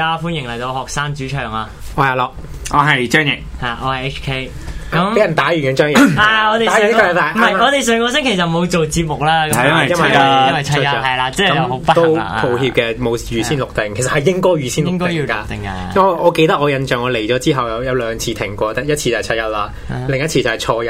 大家歡迎嚟到學生主場啊！我係阿樂，我係張穎，係我係 H K。咁俾人打完嘅張穎，係我哋上個禮拜，唔係我哋上個星期就冇做節目啦。係啊，因為因為七一係啦，即係都抱歉嘅，冇預先錄定。其實係應該預先錄定。應該要噶，定噶。我我記得我印象，我嚟咗之後有有兩次停過，得一次就係七一啦，另一次就係初一，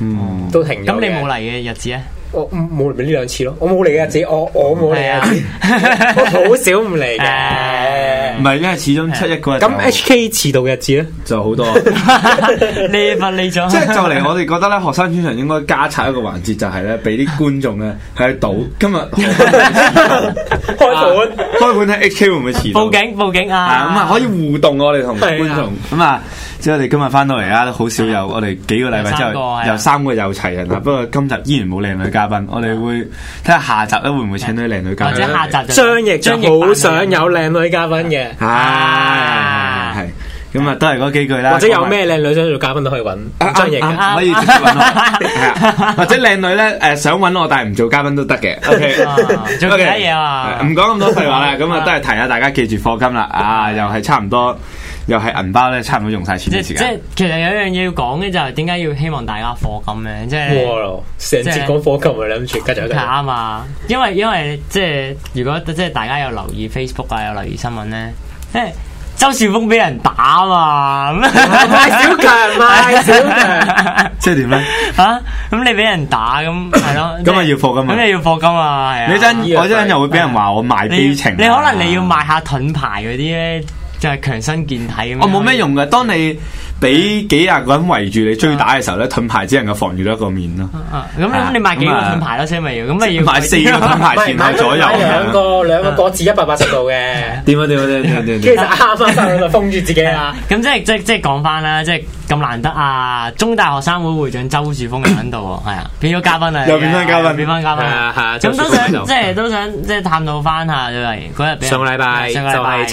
嗯，都停咗嘅。咁你冇嚟嘅日子咧？我冇嚟呢兩次咯，我冇嚟嘅日子，我我冇嚟嘅，我好少唔嚟嘅。唔係咧，始終七一個人。咁 H K 遲到嘅日子咧，就好多。呢份呢咗？即係就嚟我哋覺得咧，學生主場應該加插一個環節，就係咧，俾啲觀眾咧喺度賭今日開盤開盤睇，H K 會唔會遲到？報警報警啊！咁啊，可以互動我哋同觀眾咁啊。即係我哋今日翻到嚟，啦，都好少有。我哋幾個禮拜之後有三個有齊人啦。不過今集依然冇靚女嘉賓。我哋會睇下下集咧會唔會請到靚女嘉賓？或者下集張翼張翼好想有靚女嘉賓嘅。係係咁啊，都係嗰幾句啦。或者有咩靚女想做嘉賓都可以揾張翼，可以或者靚女咧誒想揾我但係唔做嘉賓都得嘅。O K O K，唔講咁多廢話啦。咁啊都係提下大家記住課金啦。啊，又係差唔多。又係銀包咧，差唔多用晒錢嘅時間。即即其實有樣嘢要講嘅就係點解要希望大家課金嘅，即係成節嗰課金你諗住兩處。打啊嘛，因為因為即係如果即係大家有留意 Facebook 啊，有留意新聞咧，即係周竪峰俾人打啊嘛，小強，小強即係點咧？嚇，咁你俾人打咁係咯，咁咪要課金嘛？咁你要課金嘛？係啊。嗰陣嗰陣又會俾人話我賣標情，你可能你要賣下盾牌嗰啲咧。就係強身健體，咁樣我。我冇咩用嘅，當你。俾幾廿個人圍住你追打嘅時候咧，盾牌只能夠防住一個面咯。咁你買幾多盾牌咯先？咪要？咁咪要買四個盾牌前後左右。兩個兩個各自一百八十度嘅。點啊點啊點其實啱翻身喺度封住自己啊！咁即係即係即係講翻啦，即係咁難得啊！中大學生會會長周竪峰又喺度喎，係啊，變咗嘉賓啊，又變翻嘉賓，變翻嘉賓咁都想即係都想即係探討翻下，因為嗰日上個禮拜就係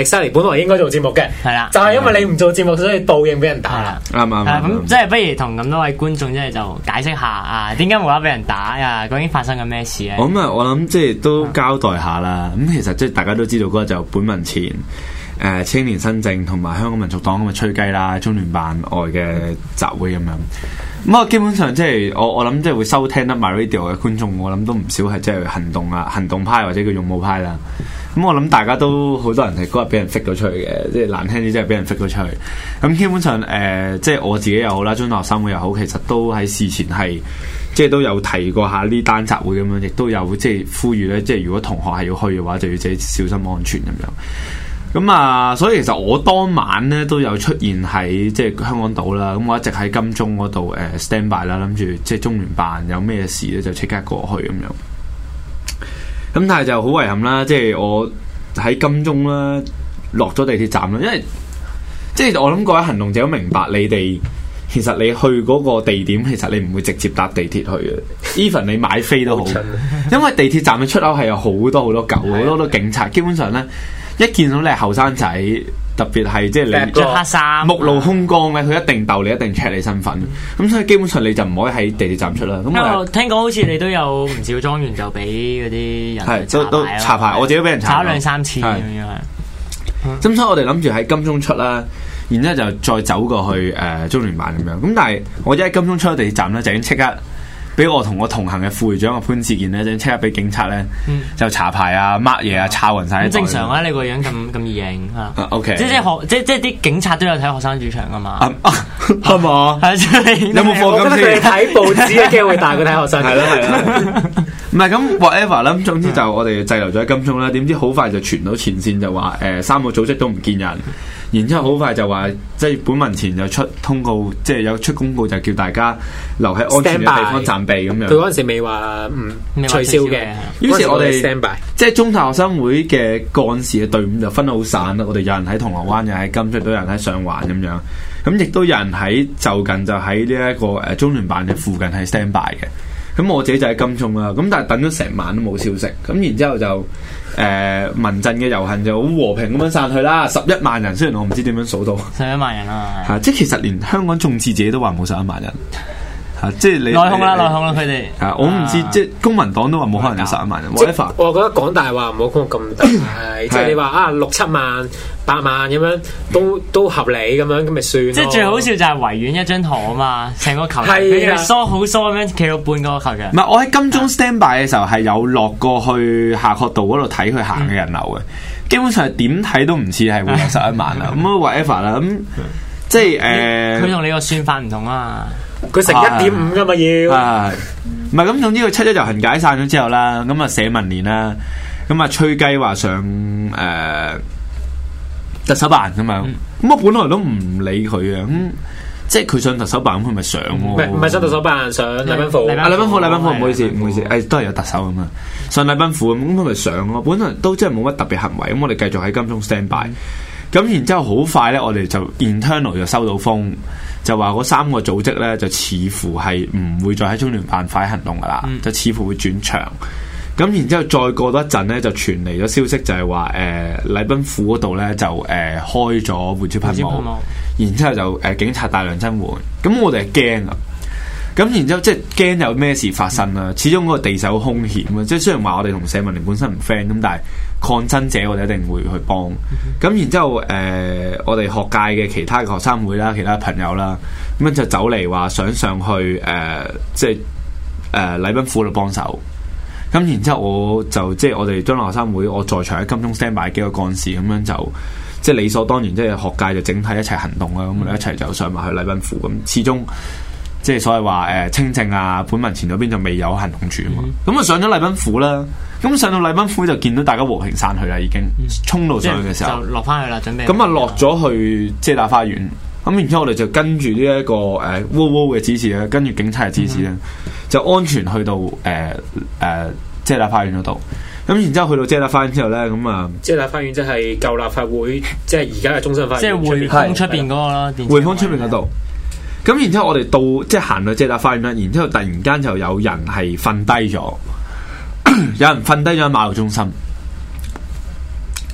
七一，本來應該做節目嘅，係啦，就係因為你唔做節目。所以倒影俾人打啦，咁即係不如同咁多位觀眾即係就解釋下啊，點解冇得俾人打呀？究竟發生緊咩事咧？咁啊，我諗即係都交代下啦。咁其實即係大家都知道嗰日就本民前誒青年新政同埋香港民族黨咁嘅吹雞啦，中聯辦外嘅集會咁樣。咁啊，基本上即係我我諗即係會收聽得 my radio 嘅觀眾，我諗都唔少係即係行動啊行動派或者叫勇武派啦。咁、嗯、我諗大家都好多人係嗰日俾人剔咗出去嘅，即係難聽啲真係俾人剔咗出去。咁、嗯、基本上誒、呃，即係我自己又好啦，中學生會又好，其實都喺事前係即係都有提過下呢單集會咁樣，亦都有即係呼籲咧，即係如果同學係要去嘅話，就要自己小心安全咁樣。咁、嗯、啊，所以其實我當晚咧都有出現喺即係香港島啦，咁、嗯、我一直喺金鐘嗰度誒 stand by 啦，諗住即係中聯辦有咩事咧就即刻過去咁樣。咁但係就好遺憾啦，即係我喺金鐘啦，落咗地鐵站啦，因為即係我諗各位行動者都明白你，你哋其實你去嗰個地點，其實你唔會直接搭地鐵去嘅，even 你買飛都好，因為地鐵站嘅出口係有好多好多狗，好多多警察，基本上呢，一見到你係後生仔。特別係即係你着黑衫，目露凶光嘅，佢一定鬥你，一定 check 你身份。咁、嗯、所以基本上你就唔可以喺地鐵站出啦。咁我聽講好似你都有唔少莊園就俾嗰啲人係都都查牌，我自己俾人查咗兩三次咁樣係、嗯、所以我哋諗住喺金鐘出啦，然之後就再走過去誒、呃、中聯辦咁樣。咁但係我一喺金鐘出地鐵站咧，就已經即刻。俾我同我同行嘅副隊長啊潘志賢咧，即刻俾警察咧就查牌啊，乜嘢啊，抄勻晒。正常啊，你個樣咁咁型啊。 o Okay . K，即係學，即即係啲警察都有睇學生主場噶嘛，係咪？係，有冇冇咁？我哋睇報紙嘅機會大過睇學生，係咯係咯。唔係咁 whatever 啦，咁總之就我哋滯留咗喺金鐘啦。點知好快就傳到前線就話，誒、呃，三個組織都唔見人。然之後好快就話，即係本文前就出通告，即係有出公告就叫大家留喺安全嘅地方暫避咁 Stand by, 樣。佢嗰陣時未話取消嘅。於是我，我哋即係中大學生會嘅幹事嘅隊伍就分得好散啦。我哋有人喺銅鑼灣，有人喺金鐘，都有人喺上環咁樣。咁亦都有人喺就近就喺呢一個誒中聯辦嘅附近係 stand by 嘅。咁我自己就喺金鐘啦。咁但係等咗成晚都冇消息。咁然之後就。誒、呃，民陣嘅遊行就好和平咁樣散去啦，十一萬人，雖然我唔知點樣數到，十一萬人啊，即係 其實連香港眾志自己都話冇十一萬人。即係你。內訌啦，內訌啦，佢哋。我唔知，即係公民黨都話冇可能十一萬。whatever 我覺得講大話唔好講咁大。係即係你話啊六七萬、八萬咁樣都都合理咁樣，咁咪算。即係最好笑就係維園一張台啊嘛，成個球你係縮好縮咁樣企到半個球嘅。唔係，我喺金鐘 stand by 嘅時候係有落過去夏慤道嗰度睇佢行嘅人流嘅，基本上點睇都唔似係會有十一萬啊。咁 whatever 啦，咁即係誒，佢同你個算法唔同啊。佢成一點五噶嘛要，唔係咁總之佢七一遊行解散咗之後啦，咁啊社民連啦，咁啊吹雞話上誒特首辦噶嘛，咁我本嚟都唔理佢啊，咁即係佢上特首辦咁佢咪上，唔係唔係上特首辦上禮賓府，阿禮賓府禮賓府唔好意思唔好意思，誒都係有特首咁啊上禮賓府咁佢咪上咯，本嚟都真係冇乜特別行為，咁我哋繼續喺金鐘 stand by，咁然之後好快咧我哋就 internal 就收到風。就話嗰三個組織咧，就似乎係唔會再喺中聯辦快行動噶啦，嗯、就似乎會轉場。咁然之後再過多一陣咧，就傳嚟咗消息就、呃，就係話誒禮賓府嗰度咧就誒開咗胡椒噴霧，然之後就誒、呃、警察大量增援。咁我哋係驚噶，咁然之後，然後即係驚有咩事發生啊？嗯、始終嗰個地手兇險啊！即係雖然話我哋同社民連本身唔 friend 咁，但係。抗爭者，我哋一定會去幫。咁然之後，誒、呃，我哋學界嘅其他嘅學生會啦，其他朋友啦，咁樣就走嚟話想上去，誒、呃，即係誒、呃、禮賓府度幫手。咁然之後我，我就即係我哋中大學生會，我在場喺金鐘 standby 擺幾個幹事，咁樣就即係理所當然，即係學界就整體一齊行動啦。咁我哋一齊就上埋去禮賓府。咁始終即係所謂話誒青政啊，本民前嗰邊就未有行動住啊嘛。咁啊、嗯，上咗禮賓府啦。咁上到禮賓府就見到大家和平散去啦，已經衝到上去嘅時候就落翻去啦，準備，咁啊落咗去遮打花園，咁然之後我哋就跟住呢一個誒，嗚嗚嘅指示咧，跟住警察嘅指示咧，就安全去到誒誒遮打花園嗰度。咁然之後去到遮打花園之後咧，咁啊遮打花園即係舊立法會，即係而家嘅中心花園，即係匯豐出邊個啦，匯豐出邊嗰度。咁然之後我哋到即係行到遮打花園啦，然之後突然間就有人係瞓低咗。有人瞓低咗喺馬路中心，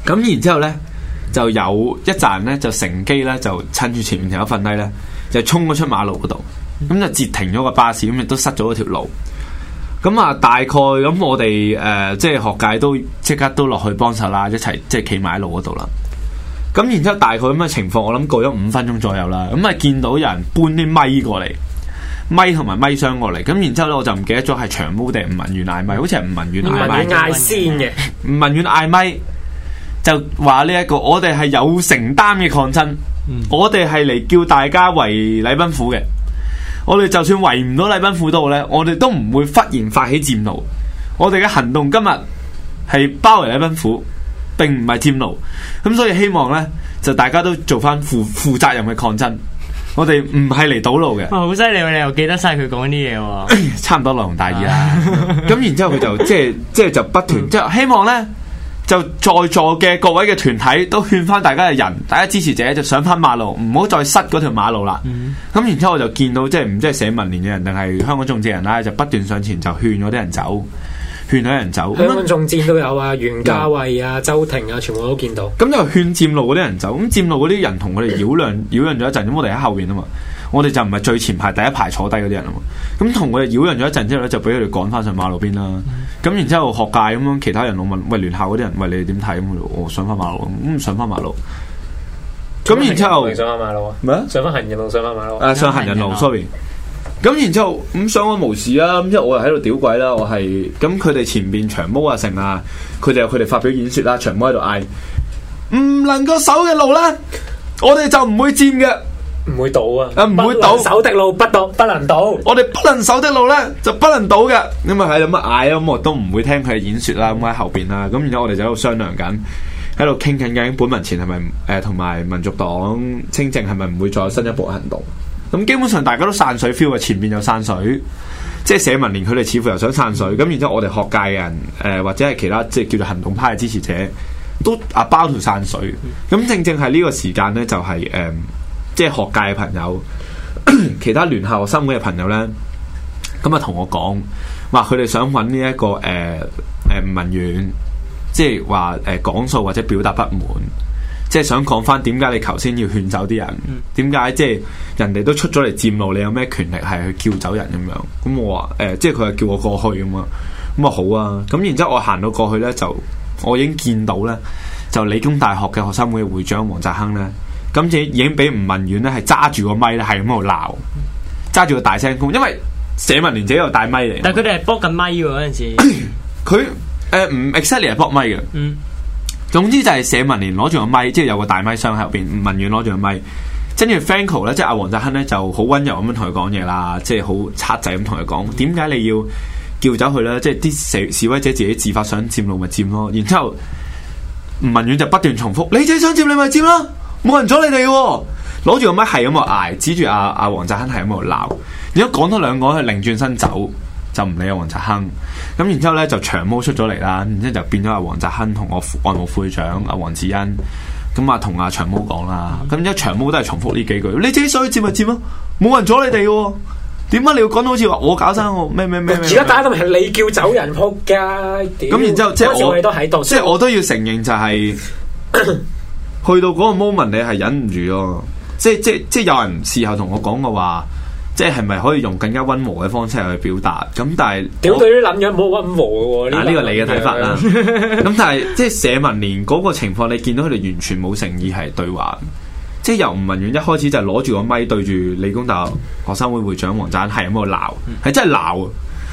咁然之後呢就有一站呢，就乘機呢，就趁住前面條友瞓低呢，就衝咗出馬路嗰度，咁就截停咗個巴士，咁亦都塞咗一條路。咁啊，大概咁我哋誒即係學界都即刻都落去幫手啦，一齊即係企埋喺路嗰度啦。咁然之後大概咩情況？我諗過咗五分鐘左右啦，咁啊見到有人搬啲咪過嚟。咪同埋咪箱過嚟，咁然之後咧，我就唔記得咗係長毛定係吳文遠嗌咪，好似係吳文遠嗌咪。嗯、吳文遠嗌先嘅的， 吳文遠嗌咪就話呢一個，我哋係有承擔嘅抗爭，嗯、我哋係嚟叫大家圍禮賓府嘅，我哋就算圍唔到禮賓府都好咧，我哋都唔會忽然發起佔路，我哋嘅行動今日係包圍禮賓府，並唔係佔路，咁所以希望咧就大家都做翻負負責任嘅抗爭。我哋唔係嚟堵路嘅，好犀利！你又記得晒佢講啲嘢喎？差唔多內容大意啦。咁 然之後佢就即係即係就是就是、不斷，即係 希望呢，就在座嘅各位嘅團體都勸翻大家嘅人，大家支持者就上翻馬路，唔好再塞嗰條馬路啦。咁 然之後我就見到即係唔知係社民連嘅人，定係香港眾志人啦，就不斷上前就勸嗰啲人走。勸下人走，香港眾志都有啊，袁嘉蔚啊、周庭啊，全部都見到。咁就勸佔路嗰啲人走，咁佔路嗰啲人同 我哋擾攘擾攘咗一陣，咁我哋喺後邊啊嘛，我哋就唔係最前排第一排坐低嗰啲人啊嘛，咁同我哋擾攘咗一陣之後咧，就俾佢哋趕翻上馬路邊啦。咁、嗯、然之後學界咁樣，其他人我問，喂，聯校嗰啲人喂，你哋點睇？咁、哦、我想翻馬路，咁、嗯、想翻馬路。咁然之後上翻馬路咩？麼上翻行人路，上翻馬路、啊、上路。上行人路，sorry。咁然之後咁相安無事啊！咁即係我又喺度屌鬼啦，我係咁佢哋前邊長毛啊成啊，佢哋有佢哋發表演說啦，長毛喺度嗌唔能夠守嘅路咧，我哋就唔會佔嘅，唔會倒啊，唔會倒守的路不倒，不能倒，我哋不能守的路咧就不能倒嘅，因為喺度乜嗌啊，咁我都唔會聽佢演說啦，咁喺後邊啦，咁然之後我哋就喺度商量緊，喺度傾緊緊，本民前係咪誒同埋民族黨青政係咪唔會再有新一步行動？咁基本上大家都散水 feel 啊，前面有散水，即係社民連佢哋似乎又想散水，咁然之後我哋學界嘅人誒、呃、或者係其他即係叫做行動派嘅支持者都啊包住散水，咁、嗯、正正係呢個時間呢，就係、是、誒、呃、即係學界嘅朋友， 其他聯校學生會嘅朋友呢，咁啊同我講話佢哋想揾呢一個誒誒、呃呃、文員，即係話誒講數或者表達不滿。即係想講翻點解你頭先要勸走啲人？點解即係人哋都出咗嚟佔路，你有咩權力係去叫走人咁樣？咁我話誒、欸，即係佢係叫我過去咁啊，咁啊好啊。咁然之後我行到過去咧，就我已經見到咧，就理工大學嘅學生會會長黃澤亨咧，咁次已經俾吳文遠咧係揸住個咪咧，係咁喺度鬧，揸住、嗯、個大聲公，因為社民連者度帶咪嚟。但係佢哋係撥緊咪嗰陣時，佢誒唔 exactly 係撥咪嘅。呃總之就係社民連攞住個咪，即係有個大咪箱喺入邊。文遠攞住個咪，co, 即王亨跟住 Franko 咧，即係阿黃澤亨咧就好溫柔咁樣同佢講嘢啦，即係好賊仔咁同佢講，點解你要叫走佢咧？即係啲示示威者自己自發想佔路咪佔咯。然之後文遠就不斷重複，你自己想佔你咪佔咯，冇人阻你哋、哦。攞住個咪係咁喺度挨，指住阿阿黃澤亨係咁喺度鬧。而家講多兩個，佢擰轉身走。就唔理阿黃澤亨，咁然之後咧就長毛出咗嚟啦，然之後就變咗阿黃澤亨同我外務副會長阿黃子恩，咁啊同阿長毛講啦，咁然之後長毛都係重複呢幾句，嗯、你之所以接咪接咯，冇人阻你哋嘅、哦，點解你要講到好似話，話我搞生我咩咩咩，而家大家都係你叫走人扑街，咁然之後 即係我， 即係我都要承認就係、是， 去到嗰個 moment 你係忍唔住咯，即係即係即係有人事後同我講嘅話。即係係咪可以用更加溫和嘅方式去表達？咁但係，屌、啊，對於諗嘢唔好溫和喎。呢個你嘅睇法啦。咁、嗯、 但係，即係社民連嗰個情況，你見到佢哋完全冇誠意係對話。即係由吳文遠一開始就攞住個咪對住理工大學學生會會長王展，係咁喺度鬧，係、嗯、真係鬧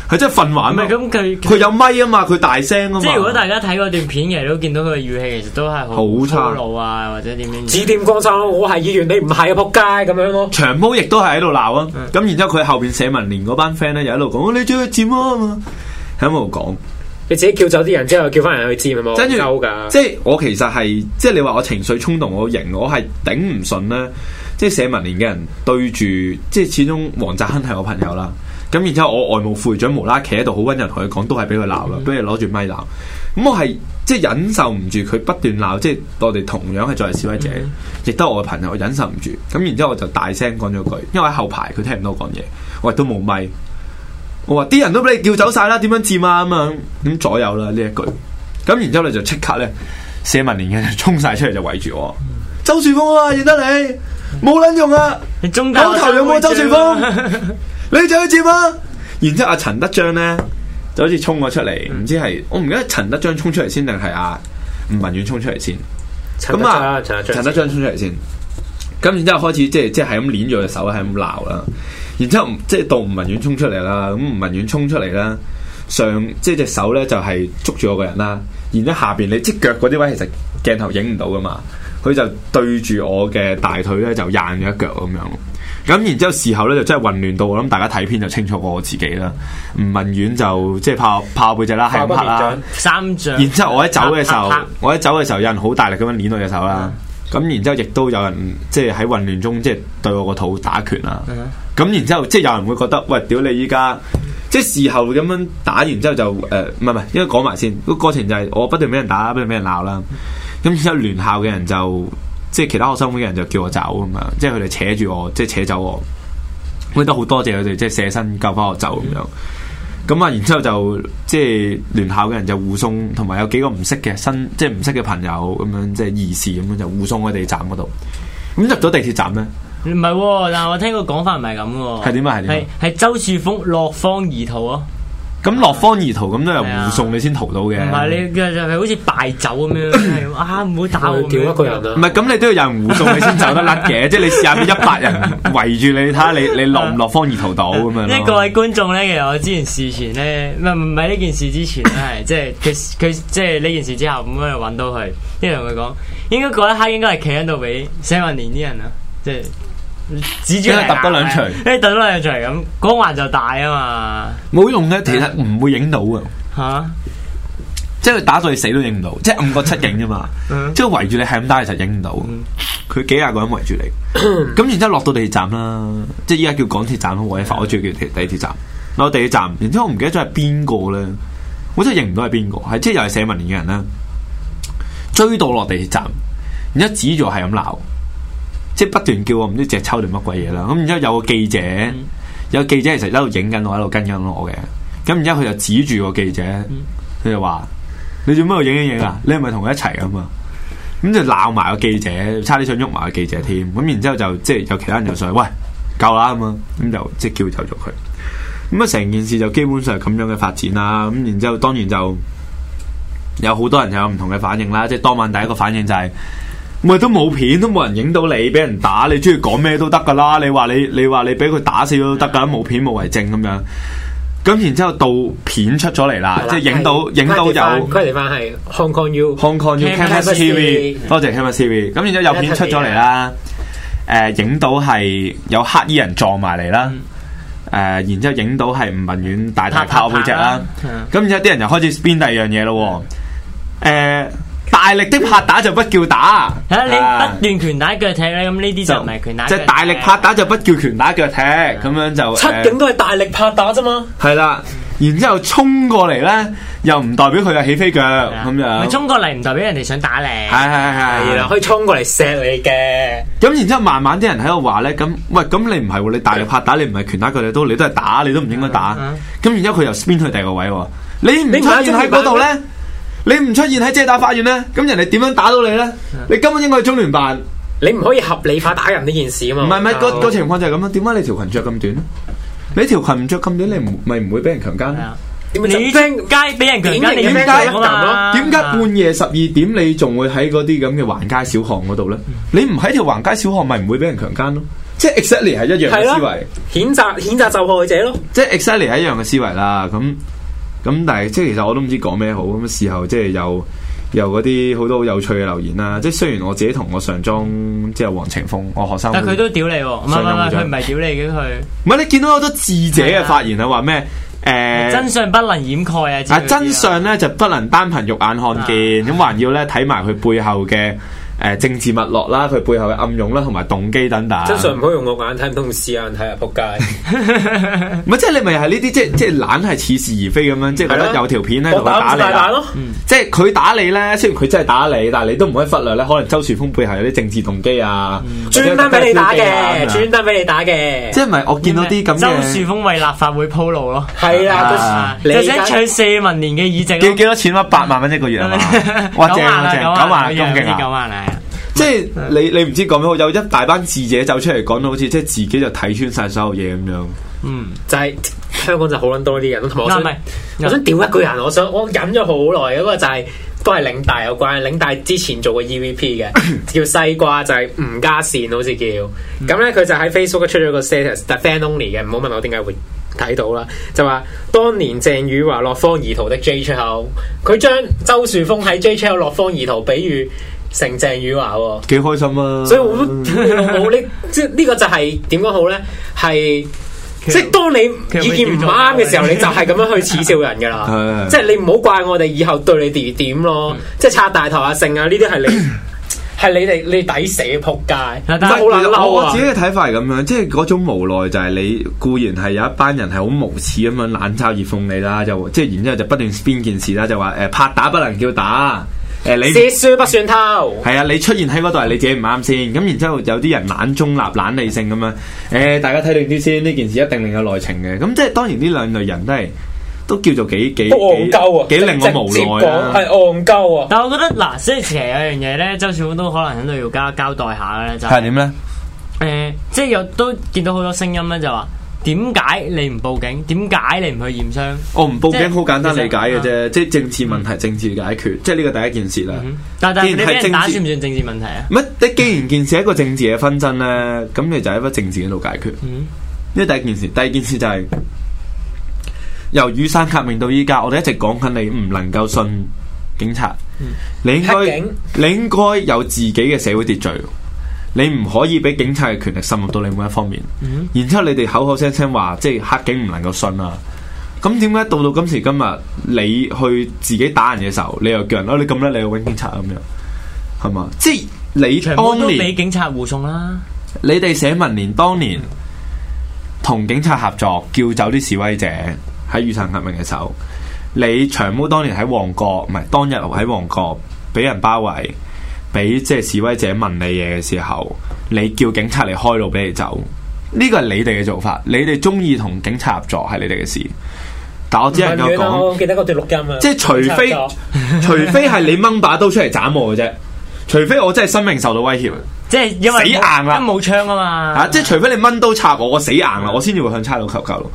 佢真係瞓玩咩？咁佢佢有咪啊嘛，佢大聲啊嘛。即係如果大家睇嗰段片，其實都見到佢語氣，其實都係好粗魯啊，差或者點樣？指點江山咯，我係議員，你唔係啊，仆街咁樣咯。長毛亦都係喺度鬧啊，咁然之後佢後邊社民連嗰班 friend 咧又喺度講，你走去佔啊嘛，喺度講，你自己叫走啲人之後又叫翻人去佔，有冇爭鳩噶？即係我其實係，即係你話我情緒衝動，我型我係頂唔順咧。即係社民連嘅人對住，即係始終黃澤亨係我朋友啦。咁然之後，我外務副長無啦企喺度，好溫柔同佢講，都係俾佢鬧啦，俾佢攞住咪鬧。咁我係即係忍受唔住佢不斷鬧，即係我哋同樣係作為示威者，亦都係我嘅朋友，我忍受唔住。咁然之後我就大聲講咗句，因為喺後排佢聽唔到我講嘢，我話都冇咪。我話啲人都俾你叫走晒啦，點樣戰啊咁樣？咁左右啦呢一句。咁然之後咧就即刻咧，社民連嘅就衝晒出嚟就圍住我。嗯、周竪峰啊，認得你，冇卵用啊，扭頭有冇周竪峰，啊？ 你就要接啊！然之後阿、啊、陳德章咧就好似衝咗出嚟，唔、嗯、知係我唔記得陳德章衝出嚟先定係阿吳文遠衝出嚟先。咁啊，陳德章衝出嚟先。咁然之後開始即係即係咁捻住我手，係咁鬧啦。然之後即係到吳文遠衝出嚟啦，咁吳文遠衝出嚟啦，上即係隻手咧就係、是、捉住我個人啦。然之後下邊你即係腳嗰啲位，其實鏡頭影唔到噶嘛。佢就對住我嘅大腿咧，就，就硬咗一腳咁樣。咁然之後時候咧就真係混亂到，我諗大家睇片就清楚過我自己啦。吳文遠就即係拍拍背脊啦，係咁拍啦，掌三掌。然之後我一走嘅時，時候，我一走嘅時候有人好大力咁樣捏我隻手啦。咁、嗯、然之後亦都有人即係喺混亂中即係對我個肚打拳啦。咁、嗯、然之後即係有人會覺得喂，屌你依家、嗯、即係時候咁樣打，完之後就誒唔係唔係，應、呃、該講埋先。個過程就係我不斷俾人打，不斷俾人鬧啦。咁然之後，後聯校嘅人就。即係其他學生會嘅人就叫我走咁樣，即係佢哋扯住我，即、就、係、是、扯走我。我亦都好多謝佢哋，即係捨身救翻我走咁樣。咁啊、嗯，然之後就即係、就是、聯校嘅人就護送，同埋有，有幾個唔識嘅新，即係唔識嘅朋友咁樣，即係義士，咁樣就護送我哋站嗰度。咁入咗地鐵站咧，唔係、哦，但係我聽個講法唔係咁喎。係點啊？係點？係周竪峰落荒而逃啊！咁落荒而逃咁都有護送你先逃到嘅。唔係、啊、你嘅就係好似敗酒咁樣， 啊，唔好打我，掉 一個人啊，唔係咁，你都要有人護送你先走得甩嘅， 即係你試下俾一百人圍住你，睇 下你你落唔落荒而逃到咁樣。呢 各位觀眾咧，其實我之前事前咧，唔係呢件事之前咧， 即係佢佢即係呢件事之後咁樣去搵到佢，即係同佢講，應該嗰一刻應該係企喺度俾醒運年啲人啊，即、就、係、是。指住佢揼多兩錘，誒、啊，揼多兩錘咁，光環就大啊嘛。冇用嘅，其實唔會影到嘅。吓、啊，即係打到你死都影唔到，即、就、係、是、五個七影啫嘛。即係圍住你係咁打，其實影唔到。佢幾廿個人圍住你，咁然之後落到地鐵站啦，即係依家叫港鐵站啦，或者我中意叫地地鐵站。落、嗯、到地鐵站，然之後我唔記得咗係邊個咧，我真係認唔到係邊個，係即係又係社民連嘅人啦。追到落地鐵站，然之後指住我係咁鬧。即係不斷叫我唔知隻抽定乜鬼嘢啦，咁然之後有個記者，嗯、有記者其實喺度影緊我，喺度跟緊我嘅，咁然之後佢就指住個記者，佢、嗯、就話：你做咩喺度影影影啊？你係咪同佢一齊噶嘛？咁就鬧埋個記者，差啲想喐埋個記者添，咁然之後就即係有其他人就上嚟、嗯、喂夠啦咁啊，咁就即係叫走咗佢。咁啊，成件事就基本上係咁樣嘅發展啦。咁然之後當然就有好多人就有唔同嘅反應啦。即係當晚第一個反應就係、是。咪都冇片，都冇人影到你，俾人打你，中意講咩都得噶啦！你話你，你，你話你俾佢打死都得噶，冇片冇為證咁樣。咁然之後到片出咗嚟啦，即係影到影到有。歸嚟翻係 Hong Kong U 多謝 KMTV、嗯。咁然之後有片出咗嚟啦。誒，影到係有黑衣人撞埋嚟啦。誒、嗯，然之後影到係吳文遠大台炮背脊啦。咁然之後啲人又開始編第二樣嘢咯。誒。啊啊啊大力的拍打就不叫打，吓，你不斷拳打腳踢咧，咁呢啲就唔係拳打腳踢。就大力拍打就不叫拳打腳踢，咁樣就七警都係大力拍打啫嘛。係啦，然之後衝過嚟，咧，又唔代表佢係起飛腳咁樣。衝過嚟唔代表人哋想打你，係係係，可以衝過嚟錫你嘅。咁然之後慢慢啲人喺度話咧，咁喂，咁你唔係喎，你大力拍打你唔係拳打腳踢，都，你都係打，你都唔應該打。咁然之後佢又 spin 去第二個位，你唔出現喺嗰度咧？你唔出現喺遮打法院咧，咁人哋點樣打到你咧？你根本應該去中聯辦，你唔可以合理化打人呢件事啊嘛！唔係唔係，個個就情況就係咁啊？點解你條裙着咁短？你條裙唔着咁短，你唔咪唔會俾人強姦？你喺街俾人強姦？點解半夜十二點你仲會喺嗰啲咁嘅橫街小巷嗰度咧？啊、你唔喺條橫街小巷，咪唔會俾人強姦咯？即、就、係、是、exactly 係一樣嘅思維，譴、啊、責譴責受害者咯。即係 exactly 係一樣嘅思維啦。咁。咁、嗯、但係即係其實我都唔知講咩好，咁事後，即係有有嗰啲好多好有趣嘅留言啦，即係雖然我自己同我上莊，即係周竪峰我學生，但佢都屌你，唔係唔係佢唔係屌你嘅佢，唔係，你見到好多智者嘅發言啊，話咩，誒，真相不能掩蓋啊，啊真相咧，就不能單憑肉眼看見咁、啊、還要咧，睇埋佢背後嘅。誒，政治脈絡啦，佢背後嘅暗湧啦，同埋動機等等。周竪峰唔好用我眼睇，唔通用視眼睇啊！仆街。唔係，即係你咪係呢啲，即係即係懶係似是而非咁樣。即係覺得有條片喺度打你。咯，即係佢打你咧。雖然佢真係打你，但係你都唔可以忽略咧。可能周竪峰背後有啲政治動機啊。專登俾你打嘅，專登俾你打嘅。即係咪我見到啲咁嘅？周竪峰為立法會鋪路咯。係啦，你想取四文年嘅議席，幾幾多錢啊？八萬蚊一個月啊嘛。哇！正正九萬 即係你你唔知講咩，好，有一大班智者走出嚟講，好似即係自己就睇穿晒所有嘢咁樣。嗯、就是。嗯，就係香港就好捻多啲人，同埋我想，我想屌一個人，我想我忍咗好耐，嗰個就係都係領大有關。領大之前做過 E V P 嘅，叫西瓜，就係吳家善，好似叫。咁咧，佢就喺 Facebook 出咗個 status，但係 fan only 嘅，唔好問我點解會睇到啦。就話當年鄭宇華落荒而逃的 J 出口，佢將周竪峰喺 J 出口落荒而逃比喻。成鄭宇華喎，幾開心啊！所以我都我我呢即係呢、這個就係點講好咧？係實即係當你意見唔啱嘅時候，你就係咁樣去恥笑人噶啦！的即係你唔好怪我哋以後對你哋點咯！嗯、即係拆大頭啊，剩啊，呢啲係你係你哋你抵死扑街，但好難撈、啊、我，我自己嘅睇法係咁樣，即係嗰種無奈就係你固然係有一班人係好無恥咁樣冷嘲熱諷你啦，就即係然之後就不斷編件事啦，就話誒、呃、拍打不能叫打。欸、你輸不算偷，係啊！你出現喺嗰度係你自己唔啱先，咁然之後有啲人懶中立懶理性咁樣，誒、欸，大家體諒啲先，呢件事一定另有內情嘅。咁即係當然呢兩類人都係都叫做幾幾、啊、幾戇鳩幾令我無奈啦，係戇鳩啊！啊但係我覺得嗱，即係其實有一樣嘢咧，周竪峰都可能喺度要交交代下嘅咧，就係點咧？誒、呃，即係有都見到好多聲音咧，就話。點解你唔報警？點解你唔去驗傷？我唔、哦、報警好即簡單理解嘅啫，實即係政治問題，嗯、政治解決，即係呢個第一件事啦。嗯、然政但係你俾人打算唔算政治問題啊？乜？即既然件事係一個政治嘅紛爭咧，咁你就喺個政治嘅度解決。呢、嗯、第一件事，第二件事就係、是、由雨傘革命到依家，我哋一直講緊你唔能夠信警察，嗯、你應該警你應該有自己嘅社會秩序。你唔可以俾警察嘅權力滲入到你每一方面，嗯、然之後你哋口口聲聲話即係黑警唔能夠信啦、啊，咁點解到到今時今日，你去自己打人嘅時候，你又叫人咯？你咁叻，你去搵警察咁樣係嘛？即係你當年，長毛都俾警察護送啦。你哋社民連當年同警察合作，叫走啲示威者喺雨傘革命嘅時候，你長毛當年喺旺角，唔係當日喺旺角俾人包圍。俾即係示威者問你嘢嘅時候，你叫警察嚟，開路俾你走，呢個係你哋嘅做法。你哋中意同警察合作係你哋嘅事。但我只能夠講，我記得嗰段錄音即係除非，除非係你掹把刀出嚟斬我嘅啫。除非我真係生命受到威脅，即係因為死硬啦，冇槍啊嘛。啊，即係除非你掹刀插我，我死硬啦，嗯、我先至會向差佬求救。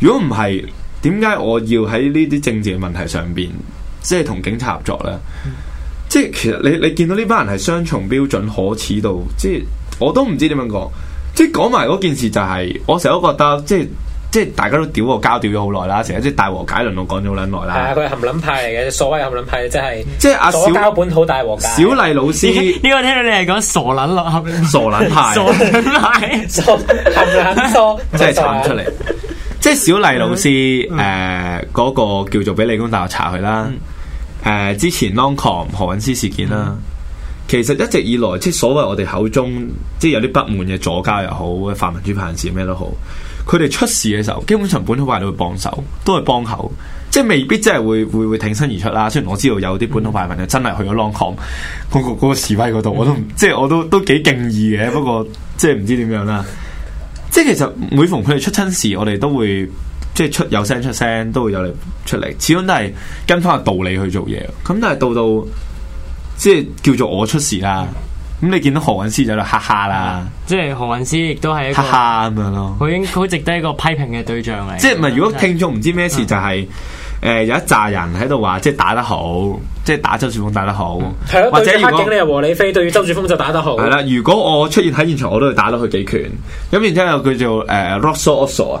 如果唔係，點解我要喺呢啲政治嘅問題上邊，即係同警察合作咧？即係其實你你見到呢班人係雙重標準可恥到，即係我都唔知點樣講。即係講埋嗰件事就係、是,我成日都覺得即係即係大家都屌我交屌咗好耐啦,成日即係大和解輪我講咗好耐啦。係啊,佢係含卵派嚟嘅,所謂含卵派即係即係、啊、阿小本土大和解。小麗老師呢 個聽到你係講傻卵咯,傻卵派,傻卵派,傻卵派 含卵索,真係慘出嚟。即係 小麗老師誒,嗰、呃、 個叫做俾理工大學查佢啦。誒、呃、之前 Longcom 何韻詩事件啦、啊，嗯、其實一直以來，即係所謂我哋口中即係有啲不滿嘅左家又好嘅泛民主派人士咩都好，佢哋出事嘅時候，基本上本土派都會幫手，都係幫口，即係未必真係會會會挺身而出啦。雖然我知道有啲本土派朋友真係去咗 Longcom 嗰、嗯嗰個嗰、嗰個、示威嗰度，嗯、我都即係我都都幾敬意嘅，不過即係唔知點樣啦。即係其實每逢佢哋出親事，我哋都會。即係出有聲出聲，都會有嚟出嚟。始終都係跟翻個道理去做嘢，咁但係到到即係叫做我出事啦。咁你見到何韻詩就嚟哈哈啦，即係何韻詩亦都係哈哈咁樣咯。佢應該好值得一個批評嘅對象嚟。即係唔係如果聽眾唔知咩事，啊、就係、是、誒、呃、有一紮人喺度話，即係打得好，即係打周竪峰打得好。或者「對黑警你又和理非，對周竪峰就打得好。係啦，如果我出現喺現場，我都會打到佢幾拳。咁然之後佢就誒 lock so lock so 啊。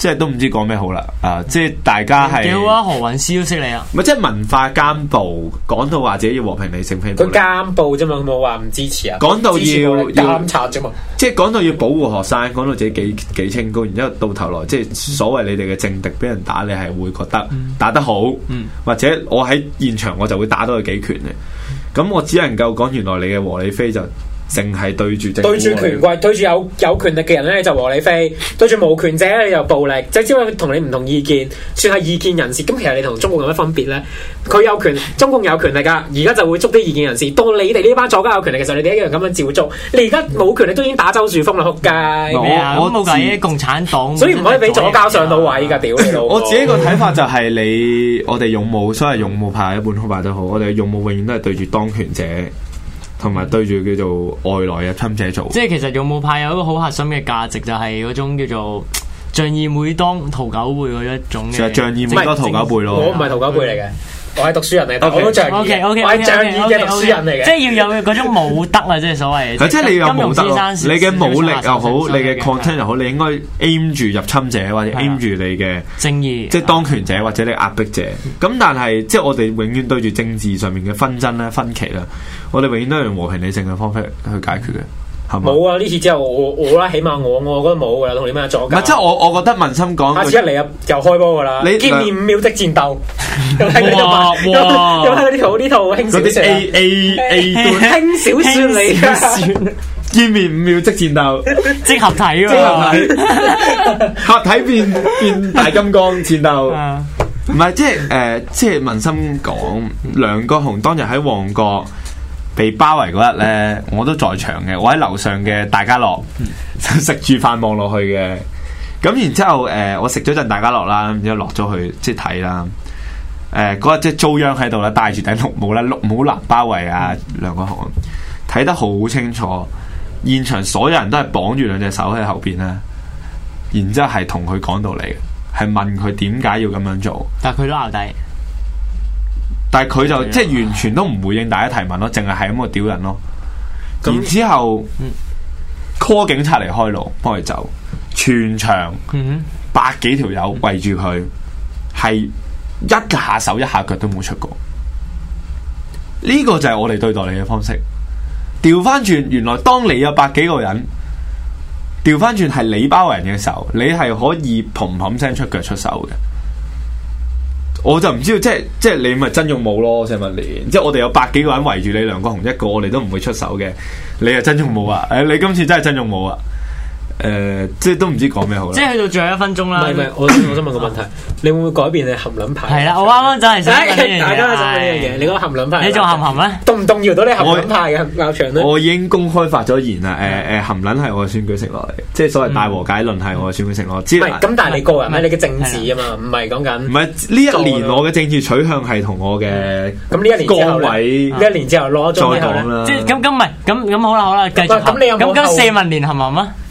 即係都唔知講咩好啦，啊！即係大家係叫啊何韻詩都識你啊，咪即係文化監部，講到話自己要和平理性批，佢監部啫嘛，佢冇話唔支持啊，講到要監察啫嘛，即係講到要保護學生，講到自己幾幾清高，然之後到頭來，即係所謂你哋嘅政敵俾人打，你係會覺得打得好，嗯嗯、或者我喺現場我就會打多佢幾拳嘅，咁、嗯、我只能夠講，原來你嘅和理非就。淨係對住，對住權貴，對住有有權力嘅人咧，就和你飛；對住無權者你就暴力。即係只係同你唔同意見，算係意見人士。咁其實你同中共有乜分別咧？佢有權，中共有權力噶。而家就會捉啲意見人士。到你哋呢班左膠有權力嘅時候，你哋一樣咁樣照捉。你而家冇權力都已經打周竪峰啦，扑街、嗯。我我冇計，自共產黨。所以唔可以俾左膠上到位噶屌。我自己個睇法就係你， 我哋用武，所謂用武派一般好派都好，我哋用武永遠都係對住當權者。同埋對住叫做外來入侵者做，即係其實勇武派有一個好核心嘅價值，就係嗰種叫做仗義每當屠狗輩嗰一種嘅。其實仗義每當屠狗輩咯，我唔係屠狗輩嚟嘅，我係讀書人嚟嘅。我係仗義嘅讀書人嚟嘅，即係要有嗰種武德啊！即係所謂。即係你有武德，你嘅武力又好，你嘅 content 又好，你應該 aim 住入侵者或者 aim 住你嘅正義，即係當權者或者你壓迫者。咁但係即係我哋永遠對住政治上面嘅紛爭咧、分歧啦。我哋永遠都係用和平理性嘅方法去解決嘅，係咪？冇啊！呢次之後，我我咧，起碼我我覺得冇噶啦。同你咩作家？唔係即係我，我覺得民心講。啊，即係嚟啊，又開波噶啦！你見面五秒即戰鬥，又聽佢做乜？又聽佢呢套呢套輕小説。A A A 輕小説，見面五秒即戰鬥，即合體喎。合體，合體變變大金剛戰鬥。唔係即係誒，即係民心講梁國雄當日喺旺角。被包圍嗰日呢，我都在場嘅，我喺樓上嘅大家樂 食住飯望落去嘅。咁然之後，誒、呃，我食咗陣大家樂啦，咁、呃、就落咗去即係睇啦。嗰日即係遭殃喺度啦，戴住頂綠帽啦，綠帽男包圍啊，梁國雄睇得好清楚。現場所有人都係綁住兩隻手喺後邊咧，然之後係同佢講道理，係問佢點解要咁樣做，但係佢都拗底。但係佢就的即係完全都唔回應大家提問咯，淨係係咁個屌人咯。這樣 然之後 call 警察嚟開路，幫佢走，全場百幾條友圍住佢，係一下手一下腳都冇出過。呢個就係我哋對待你嘅方式。調翻轉，原來當你有百幾個人，調翻轉係你包人嘅時候，你係可以嘭嘭聲出腳出手嘅。我就唔知道，即係即係你咪真用武咯，成日社民連，即係我哋有百幾個人圍住你，梁國雄一個，我哋都唔會出手嘅。你係真用武啊？誒、哎，你今次真係真用武啊！誒，即係都唔知講咩好啦。即係去到最後一分鐘啦。唔係我我想問個問題，你會唔會改變你含卵派？係啦，我啱啱就係想問呢樣嘢。你個含卵派，你仲含含咩？動唔動搖到你含卵派嘅立場咧？我已經公開發咗言啦，誒誒，含卵係我嘅選舉承諾嚟，即係所謂大和解論係我嘅選舉承諾。唔係咁，但係你個人咧，你嘅政治啊嘛，唔係講緊。唔係呢一年我嘅政治取向係同我嘅咁呢一年之後，呢一年之後攞再講啦。即係咁咁唔係咁咁好啦好啦，繼續含。咁你有冇四萬年含含啊？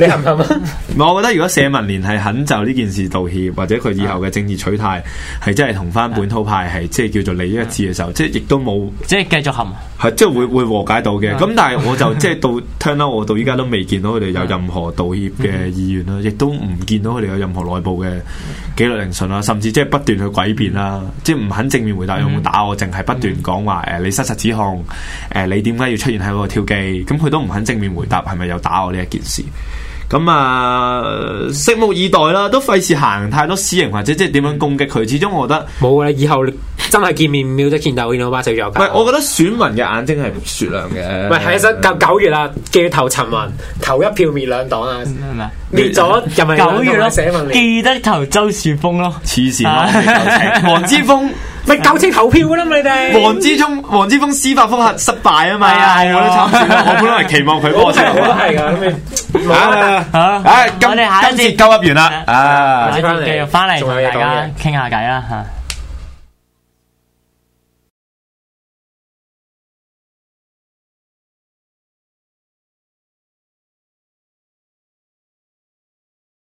我覺得如果社民連係肯就呢件事道歉，或者佢以後嘅政治取態係真係同翻本土派係即係叫做利益一致嘅時候，即係亦都冇即係繼續含，即係會會和解到嘅。咁 但係我就即係到聽到我到依家都未見到佢哋有任何道歉嘅意願啦，亦都唔見到佢哋有任何內部嘅紀律聆訊啦，甚至即係不斷去詭辯啦，即係唔肯正面回答有冇打我，淨係不斷講話誒、呃、你失實，實指控，誒、呃、你點解要出現喺嗰個跳機？咁、嗯、佢、嗯、 都唔肯正面回答係咪有打我呢一件事。咁啊，拭目以待啦，都費事行太多私刑，或者即係點樣攻擊佢。始終我覺得冇啦，以後真係見面秒就見，見，但係見到巴嘴又唔係。我覺得選民嘅眼睛係雪亮嘅。喂不，係喺一九九月啊，記頭陳雲投一票滅兩黨啊，係咪滅咗？又咪九月咯， 月了記得投周竪峰咯，黐線 黃之鋒。咪夠秤投票啦嘛你哋，黃之鋒、黃之鋒司法複核失敗啊嘛，哎、 我都參選，我本來期望佢、啊啊啊嗯，我都係噶，好咁你下！今次交屈完啦，啊，繼續翻嚟同大家傾下偈啦吓。